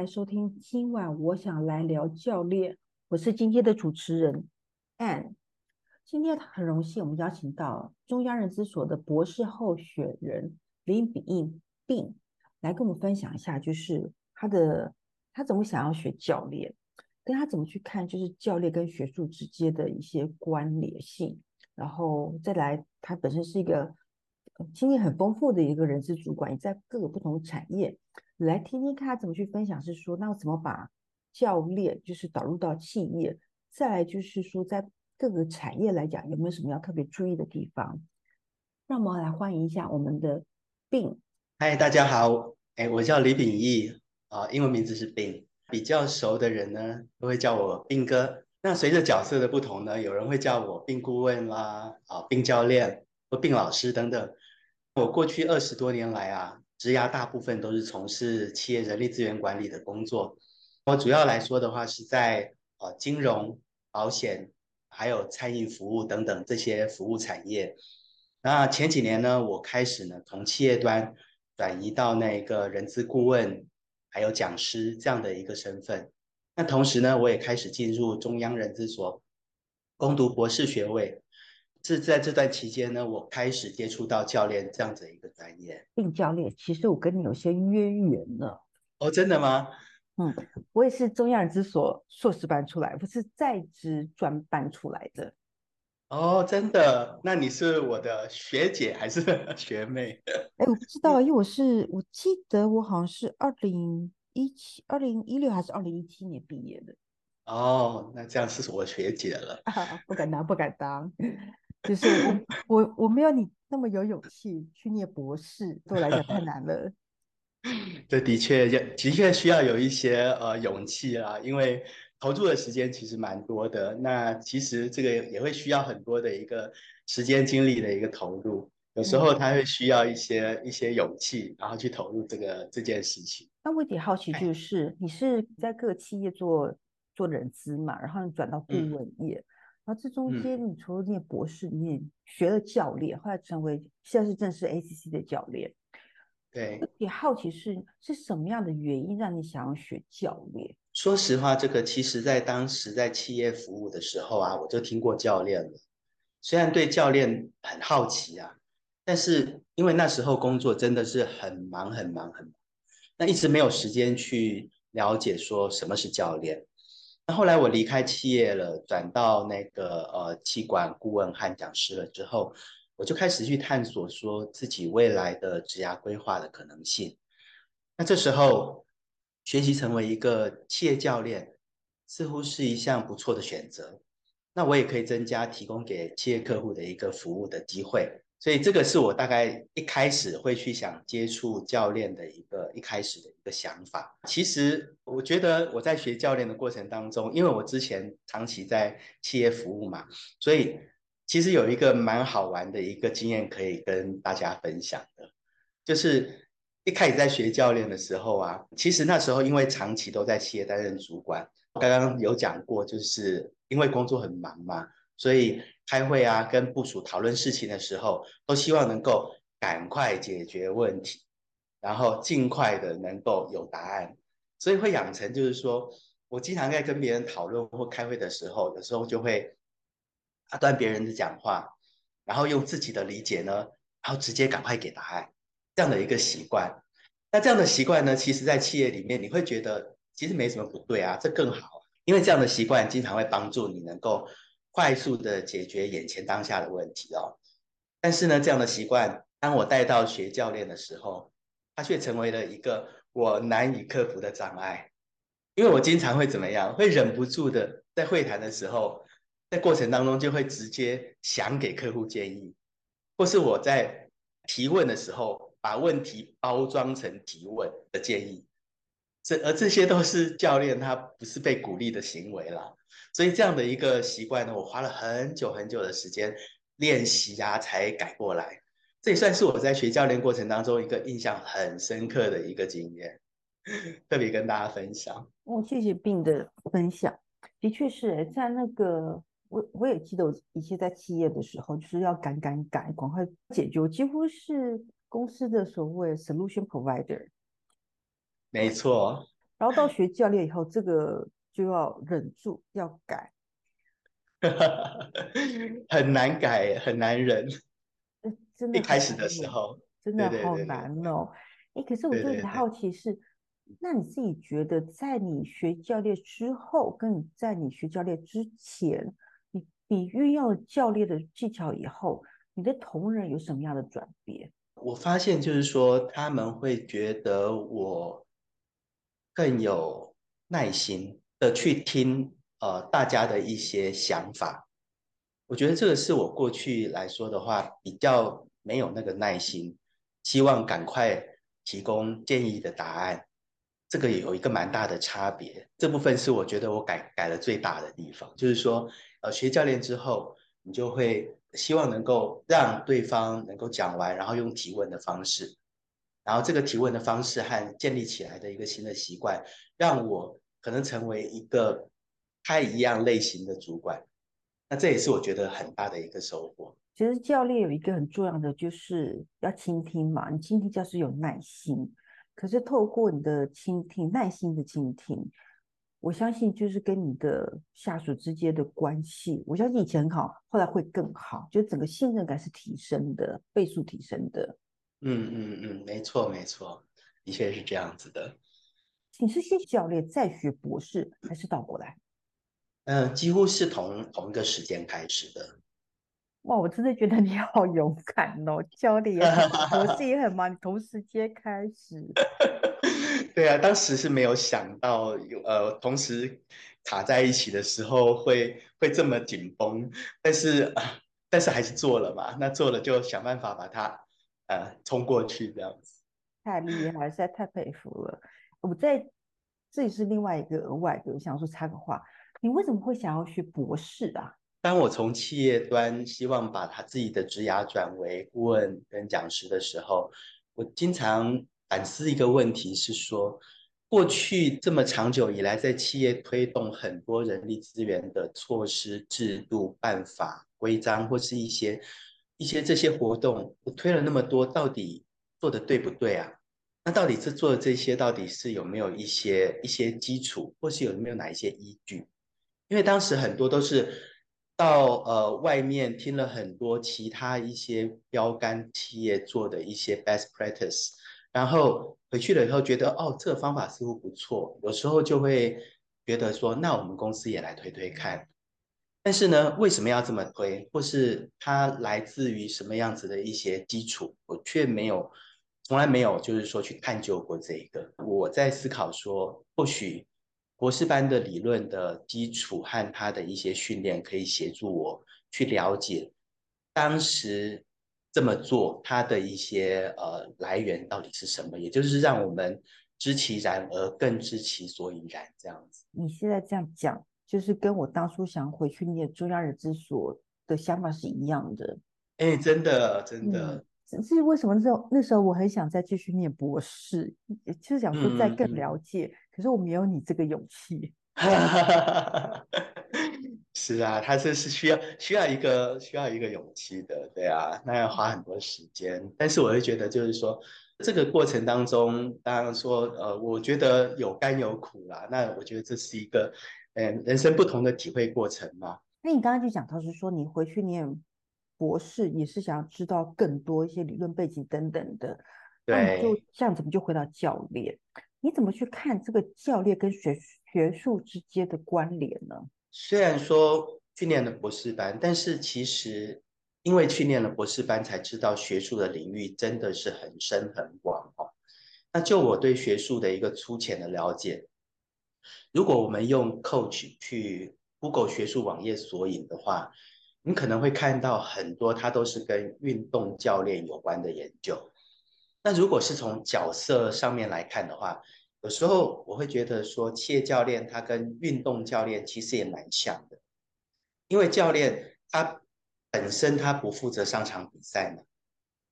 來收聽今晚，我想來聊教練。我是今天的主持人 Ann。今天很榮幸，我們邀請到中央人資所的博士候選人李秉懿 Bing 來跟我們分享一下，就是他的他怎麼想要學教練，跟他怎麼去看就是教練跟學術之間的一些關聯性，然後再來他本身是一個經驗很豐富的一個人資主管，也在各個不同產業。來聽聽看他怎麼去分享，是說那怎麼把教練就是導入到企業，再來就是說在各個產業來講有沒有什麼要特別注意的地方？那我們來歡迎一下我們的 Bing。嗨，大家好，欸，我叫李秉懿，啊，英文名字是 Bing。比較熟的人呢都會叫我 Bing 哥。那隨着角色的不同呢，有人會叫我 Bing 顧問啦，啊，Bing 教練或 Bing 老師等等。我過去二十多年來啊。職涯大部分都是從事企業人力資源管理的工作，我主要來說的話是在呃金融、保險，還有餐飲服務等等這些服務產業。那前幾年呢，我開始呢從企業端轉移到那個人資顧問，還有講師這樣的一個身份。那同時呢，我也開始進入中央人資所，攻讀博士學位。是在這段期間呢，我開始接觸到教練這樣子一個專業。Bing 教練，其實我跟你有些淵源了。哦，真的嗎？嗯，我也是中央人資所碩士班出來，我是在職專班出來的。哦，真的？那你是我的學姐還是學妹？哎，我不知道，因為我是，我記得我好像是二零一七、二零一六還是二零一七年畢業的。哦，那這樣是我學姐了。啊，不敢當，不敢當。就是我 我我沒有你那麼有勇氣去念博士，對我來講太難了。這 的確，要，的確需要有一些呃勇氣啦、啊，因為投注的時間其實蠻多的。那其實這個也會需要很多的一個時間精力的一個投入，有時候他會需要一些、嗯、一些勇氣，然後去投入這個這件事情。那我挺好奇，就是唉你是在各個企業做做人資嘛，然後你轉到顧問業。嗯這中間，你除了念博士，你也、嗯、學了教練，後來成為現在是正式 ACC 的教練。對，也好奇是是什麼樣的原因讓你想要學教練？說實話，這個其實在當時在企業服務的時候啊，我就聽過教練了，雖然對教練很好奇啊，但是因為那時候工作真的是很忙很忙很忙，那一直沒有時間去了解說什麼是教練。那後來我離開企業了，轉到那個呃，企管顧問和講師了之後，我就開始去探索說自己未來的職涯規劃的可能性。那這時候，學習成為一個企業教練，似乎是一項不錯的選擇。那我也可以增加提供給企業客戶的一個服務的機會。所以這個是我大概一開始會去想接觸教練的一個一開始的一個想法。其實我覺得我在學教練的過程當中，因為我之前長期在企業服務嘛，所以其實有一個蠻好玩的一個經驗可以跟大家分享的，就是一開始在學教練的時候啊，其實那時候因為長期都在企業擔任主管，剛剛有講過，就是因為工作很忙嘛，所以。開會啊，跟部屬討論事情的時候，都希望能夠趕快解決問題，然後盡快的能夠有答案，所以會養成就是說，我經常在跟別人討論或開會的時候，有時候就會打斷別人的講話，然後用自己的理解呢，然後直接趕快給答案這樣的一個習慣。那這樣的習慣呢，其實在企業裡面，你會覺得其實沒什麼不對啊，這更好，因為這樣的習慣經常會幫助你能夠。快速的解決眼前當下的問題哦，但是呢，這樣的習慣，當我帶到學教練的時候，它卻成為了一個我難以克服的障礙，因為我經常會怎麼樣，會忍不住的在會談的時候，在過程當中就會直接想給客戶建議，或是我在提問的時候，把問題包裝成提問的建議。這而這些都是教練，他不是被鼓勵的行為了，所以這樣的一個習慣呢，我花了很久很久的時間練習呀、啊，才改過來。這也算是我在學教練過程當中一個印象很深刻的一個經驗，特別跟大家分享。嗯、哦，謝謝 Bing 的分享，的確是在那個我我也記得，我以前在企業的時候，就是要趕趕趕，趕快解決，我幾乎是公司的所謂 solution provider。沒錯，然後到學教練以後，這個就要忍住要改， 很難改，很難忍。嗯、真的，一開始的時候真的好難哦。哎、欸，可是我就很好奇是，對對對，那你自己覺得，在你學教練之後，跟你在你學教練之前，你你運用了教練的技巧以後，你的同仁有什麼樣的轉變？我發現就是說，他們會覺得我。更有耐心的去聽呃大家的一些想法，我覺得這個是我過去來說的話比較沒有那個耐心，希望趕快提供建議的答案，這個有一個蠻大的差別。這部分是我覺得我改改了最大的地方，就是說呃學教練之後，你就會希望能夠讓對方能夠講完，然後用提問的方式，然後這個提問的方式和建立起來的一個新的習慣，讓我可能成為一個不太一樣類型的主管。那這也是我覺得很大的一個收穫。其實教練有一個很重要的，就是要傾聽嘛。你傾聽就是有耐心，可是透過你的傾聽、耐心的傾聽，我相信就是跟你的下屬之間的關係，我相信以前很好，後來會更好，就整個信任感是提升的，倍數提升的。嗯嗯嗯，沒錯沒錯，的確是這樣子的。你是先教練再學博士，還是倒過來？嗯、呃，幾乎是同同一個時間開始的。哇，我真的覺得你好勇敢哦，教練博士也很忙， 同時間開始。 對啊，當時是沒有想到有呃，同時卡在一起的時候會會這麼緊繃，但是但是還是做了嘛。那做了就想辦法把它。呃，衝、啊、過去這樣子，太厲害，實在太佩服了。我在這裡是另外一個額外，就是想說插個話，你為什麼會想要學博士啊？當我從企業端希望把他自己的職涯轉為顧問跟講師的時候，我經常反思一個問題是說，過去這麼長久以來，在企業推動很多人力資源的措施、制度、辦法、規章或是一些。一些這些活動，推了那麼多，到底做的對不對啊？那到底是做的這些，到底是有沒有一些一些基礎，或是有沒有哪一些依據？因為當時很多都是到呃外面聽了很多其他一些標杆企業做的一些 best practice，然後回去了以後覺得，哦，這個方法似乎不錯，有時候就會覺得說，那我們公司也來推推看。但是呢，為什麼要這麼推，或是它來自於什麼樣子的一些基礎，我卻沒有，從來沒有就是說去探究過這一個。我在思考說，或許博士班的理論的基礎和它的一些訓練，可以協助我去了解當時這麼做，它的一些呃來源到底是什麼，也就是讓我們知其然而更知其所以然這樣子。你現在這樣講。就是跟我當初想回去念中央人資所的想法是一樣的。哎、欸，真的，真的。至於、嗯、為什麼那時候，那時候我很想再繼續念博士，就是想說再更了解。嗯、可是我沒有你這個勇氣。是啊，他這是需要需要一個需要一個勇氣的，對啊，那要花很多時間。嗯、但是我會覺得，就是說、嗯、這個過程當中，當然說呃，我覺得有甘有苦啦。那我覺得這是一個。嗯，人生不同的體會過程嘛。那你剛剛就講到是說，你回去念博士也是想要知道更多一些理論背景等等的。對。那你就這樣怎麼就回到教練？你怎麼去看這個教練跟學學術之間的關聯呢？雖然說去念了博士班，但是其實因為去念了博士班，才知道學術的領域真的是很深很廣哦。那就我對學術的一個粗淺的了解。如果我們用 Coach 去 Google 學術網頁索引的話，你可能會看到很多，它都是跟運動教練有關的研究。那如果是從角色上面來看的話，有時候我會覺得說，企業教練他跟運動教練其實也蠻像的，因為教練他本身他不負責上場比賽嘛，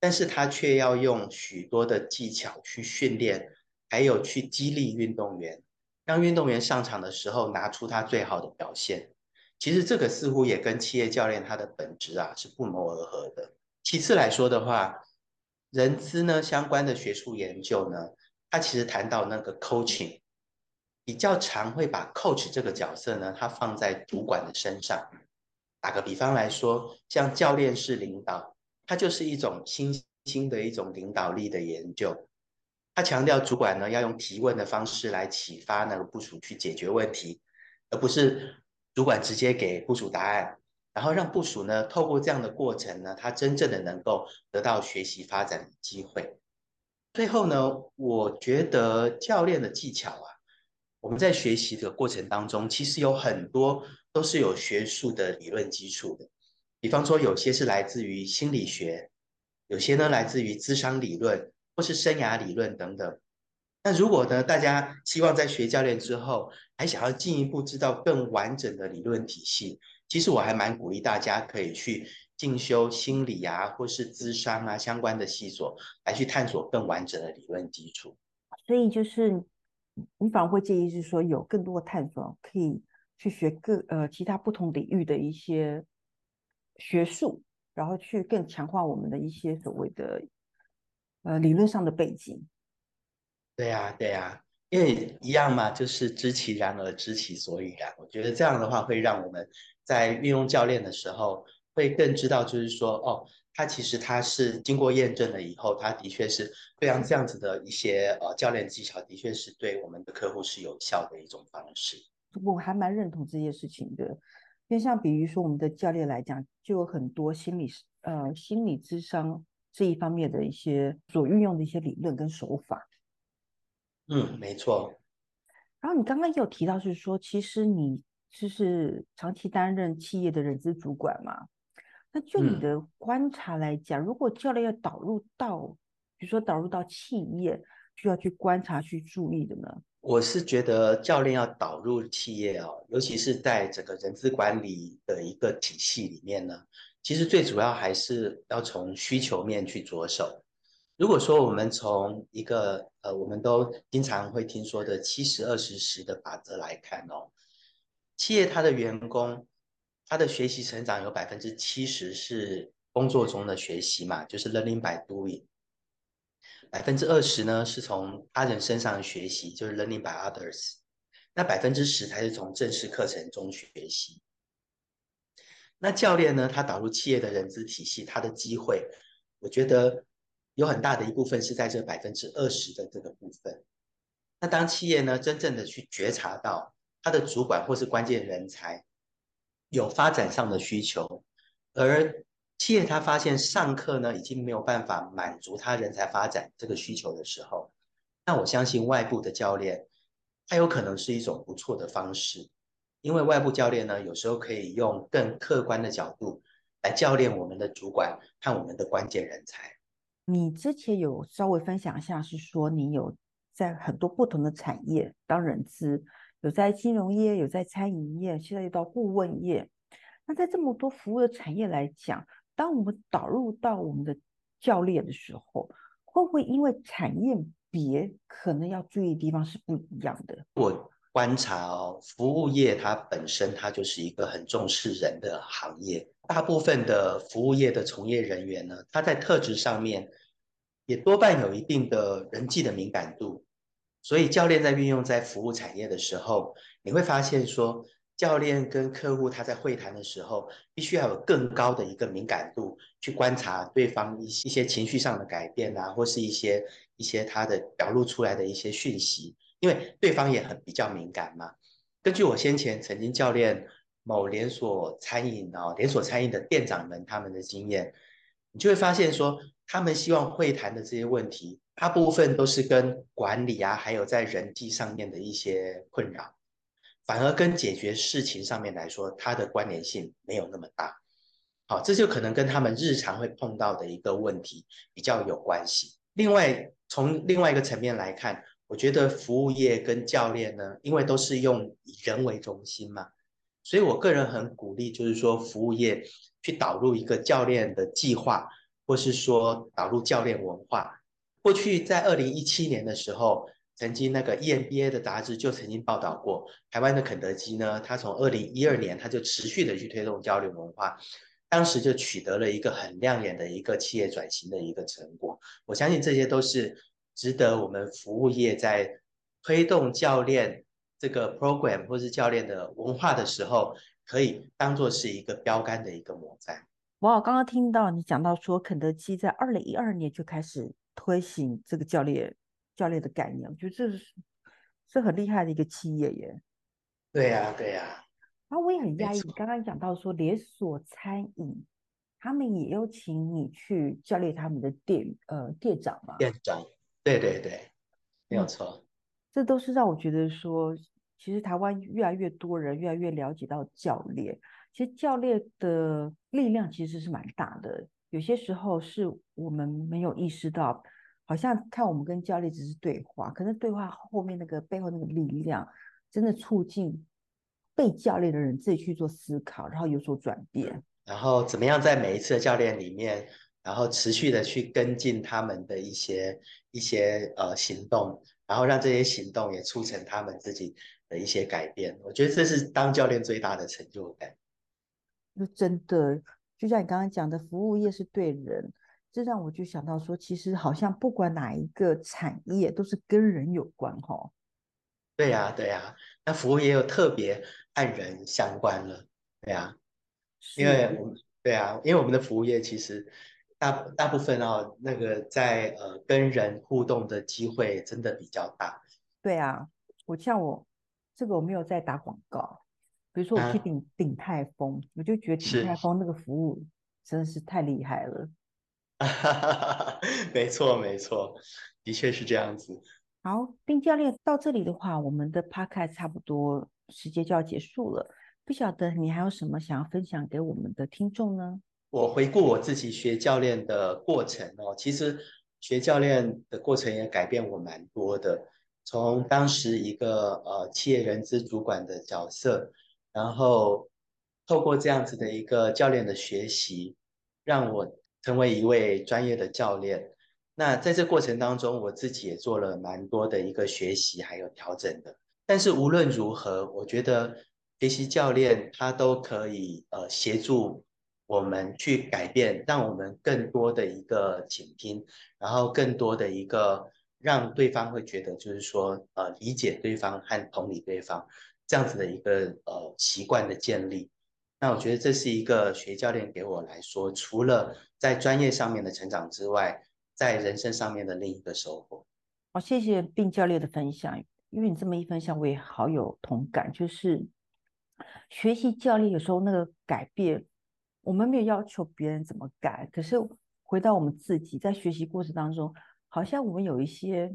但是他卻要用許多的技巧去訓練，還有去激勵運動員。當運動員上場的時候，拿出他最好的表現，其實這個似乎也跟企業教練他的本質啊是不謀而合的。其次來說的話，人資呢相關的學術研究呢，它其實談到那個 coaching，比較常會把 coach 這個角色呢，它放在主管的身上。打個比方來說，像教練式領導，它就是一種新興的一種領導力的研究。他強調，主管呢要用提問的方式來啟發那個部屬去解決問題，而不是主管直接給部屬答案，然後讓部屬呢透過這樣的過程呢，他真正的能夠得到學習發展的機會。最後呢，我覺得教練的技巧啊，我們在學習的過程當中，其實有很多都是有學術的理論基礎的，比方說有些是來自於心理學，有些呢來自於智商理論。或是生涯理論等等。那如果呢，大家希望在學教練之後，還想要進一步知道更完整的理論體系，其實我還蠻鼓勵大家可以去進修心理啊，或是諮商啊相關的系所，來去探索更完整的理論基礎。所以就是你反而會建議是說，有更多的探索，可以去學各呃其他不同領域的一些學術，然後去更強化我們的一些所謂的。呃，理論上的背景，對呀、啊，對呀、啊，因為一樣嘛，就是知其然而知其所以然。我覺得這樣的話會讓我們在運用教練的時候，會更知道，就是說，哦，他其實他是經過驗證了以後，他的確是非常這樣子的一些呃教練技巧，的確是對我們的客戶是有效的一種方式。我還蠻認同這件事情的，因為像比如說我們的教練來講，就有很多心理呃心理諮商。這一方面的一些所運用的一些理論跟手法，嗯，沒錯。然後你剛剛也有提到，是說其實你就是長期擔任企業的人資主管嘛？那就你的觀察來講，嗯，如果教練要導入到，比如說導入到企業，需要去觀察去注意的呢？我是覺得教練要導入企業哦，尤其是在整個人資管理的一個體系裡面呢。其實最主要還是要從需求面去着手。如果說我們從一個呃，我們都經常會聽說的七十二十十的法則來看哦，企業它的員工，他的學習成長有百分之七十是工作中的學習嘛，就是 learning by doing 20。百分之二十呢是從他人身上學習，就是 learning by others 那10。那百分之十才是從正式課程中學習。那教練呢？他導入企業的人資體系，他的機會，我覺得有很大的一部分是在這百分之二十的這個部分。那當企業呢，真正的去覺察到他的主管或是關鍵人才有發展上的需求，而企業他發現上課呢，已經沒有辦法滿足他人才發展這個需求的時候，那我相信外部的教練，他有可能是一種不錯的方式。因為外部教練呢，有時候可以用更客觀的角度來教練我們的主管和我們的關鍵人才。你之前有稍微分享一下，是說你有在很多不同的產業當人資，有在金融業，有在餐飲業，現在又到顧問業。那在這麼多服務的產業來講，當我們導入到我們的教練的時候，會不會因為產業別可能要注意的地方是不一樣的？我。觀察哦，服務業它本身它就是一個很重視人的行業。大部分的服務業的從業人員呢，他在特質上面也多半有一定的人際的敏感度。所以教練在運用在服務產業的時候，你會發現說，教練跟客戶他在會談的時候，必須要有更高的一個敏感度，去觀察對方一一些情緒上的改變啊，或是一些一些他的表露出來的一些訊息。因為對方也很比較敏感嘛，根據我先前曾經教練某連鎖餐飲哦，連鎖餐飲的店長們他們的經驗，你就會發現說，他們希望會談的這些問題，大部分都是跟管理啊，還有在人際上面的一些困擾，反而跟解決事情上面來說，它的關聯性沒有那麼大。好，這就可能跟他們日常會碰到的一個問題比較有關係。另外，從另外一個層面來看。我覺得服務業跟教練呢，因為都是用以人為中心嘛，所以我個人很鼓勵，就是說服務業去導入一個教練的計劃，或是說導入教練文化。過去在二零一七年的時候，曾經那個 EMBA 的雜誌就曾經報道過，台灣的肯德基呢，它從二零一二年它就持續的去推動教練文化，當時就取得了一個很亮眼的一個企業轉型的一個成果。我相信這些都是。值得我們服務業在推動教練這個 program 或是教練的文化的時候，可以當做是一個標杆的一個模範。哇，wow，我剛剛聽到你講到說，肯德基在二零一二年就開始推行這個教練教練的概念，我覺得這是這是很厲害的一個企業耶。對呀，對呀。啊，我也很訝異，沒錯。你剛剛講到說連鎖餐飲，他們也要請你去教練他們的店呃店長嘛？店長。店長對對對，沒有錯。嗯，這都是讓我覺得說，其實台灣越來越多人越來越了解到教練，其實教練的力量其實是蠻大的。有些時候是我們沒有意識到，好像看我們跟教練只是對話，可是對話後面那個背後那個力量，真的促進被教練的人自己去做思考，然後有所轉變，然後怎麼樣在每一次的教練裡面。然後持續的去跟進他們的一些一些呃行動，然後讓這些行動也促成他們自己的一些改變。我覺得這是當教練最大的成就感。那真的，就像你剛剛講的，服務業是對人，這讓我就想到說，其實好像不管哪一個產業都是跟人有關哈、哦啊。對呀，對呀，那服務業有特別按人相關了，對呀、啊，是因為對啊，因為我們的服務業其實。大大部分哦、啊，那個在呃跟人互動的機會真的比較大。對啊，我像我這個我沒有在打廣告，比如說我去鼎鼎、啊、泰豐，我就覺得鼎泰豐那個服務是真的是太厲害了。哈哈哈！沒錯沒錯，的確是這樣子。好，Bing 教練到這裡的話，我們的 Podcast 差不多時間就要結束了。不曉得你還有什麼想要分享給我們的聽眾呢？我回顧我自己學教練的過程哦，其實學教練的過程也改變我蠻多的。從當時一個呃企業人資主管的角色，然後透過這樣子的一個教練的學習，讓我成為一位專業的教練。那在這過程當中，我自己也做了蠻多的一個學習還有調整的。但是無論如何，我覺得學習教練他都可以呃協助。我們去改變，讓我們更多的一個傾聽，然後更多的一個讓對方會覺得，就是說，呃，理解對方和同理對方這樣子的一個呃習慣的建立。那我覺得這是一個學教練給我來說，除了在專業上面的成長之外，在人生上面的另一個收穫。好、哦，謝謝 Bing 教練的分享，因為你這麼一分享，我也好有同感，就是學習教練有時候那個改變。我們沒有要求別人怎麼改，可是回到我們自己，在學習過程當中，好像我們有一些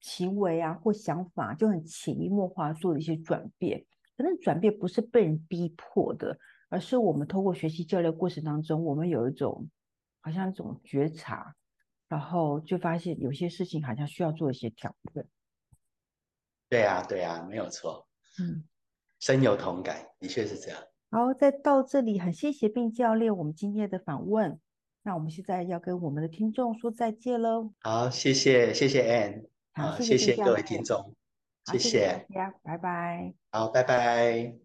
行為啊或想法，就很潛移默化做了一些轉變。可能轉變不是被人逼迫的，而是我們通過學習交流過程當中，我們有一種好像一種覺察，然後就發現有些事情好像需要做一些調整。對呀，對呀，沒有錯，嗯，深有同感，的確是這樣。好，再到這裡，很謝謝 Bing 教練，我們今天的訪問。那我們現在要跟我們的聽眾說再見嘍。好，謝謝，謝謝 Ann，好，謝謝謝謝各位聽眾，謝謝，謝謝拜拜。好，拜拜。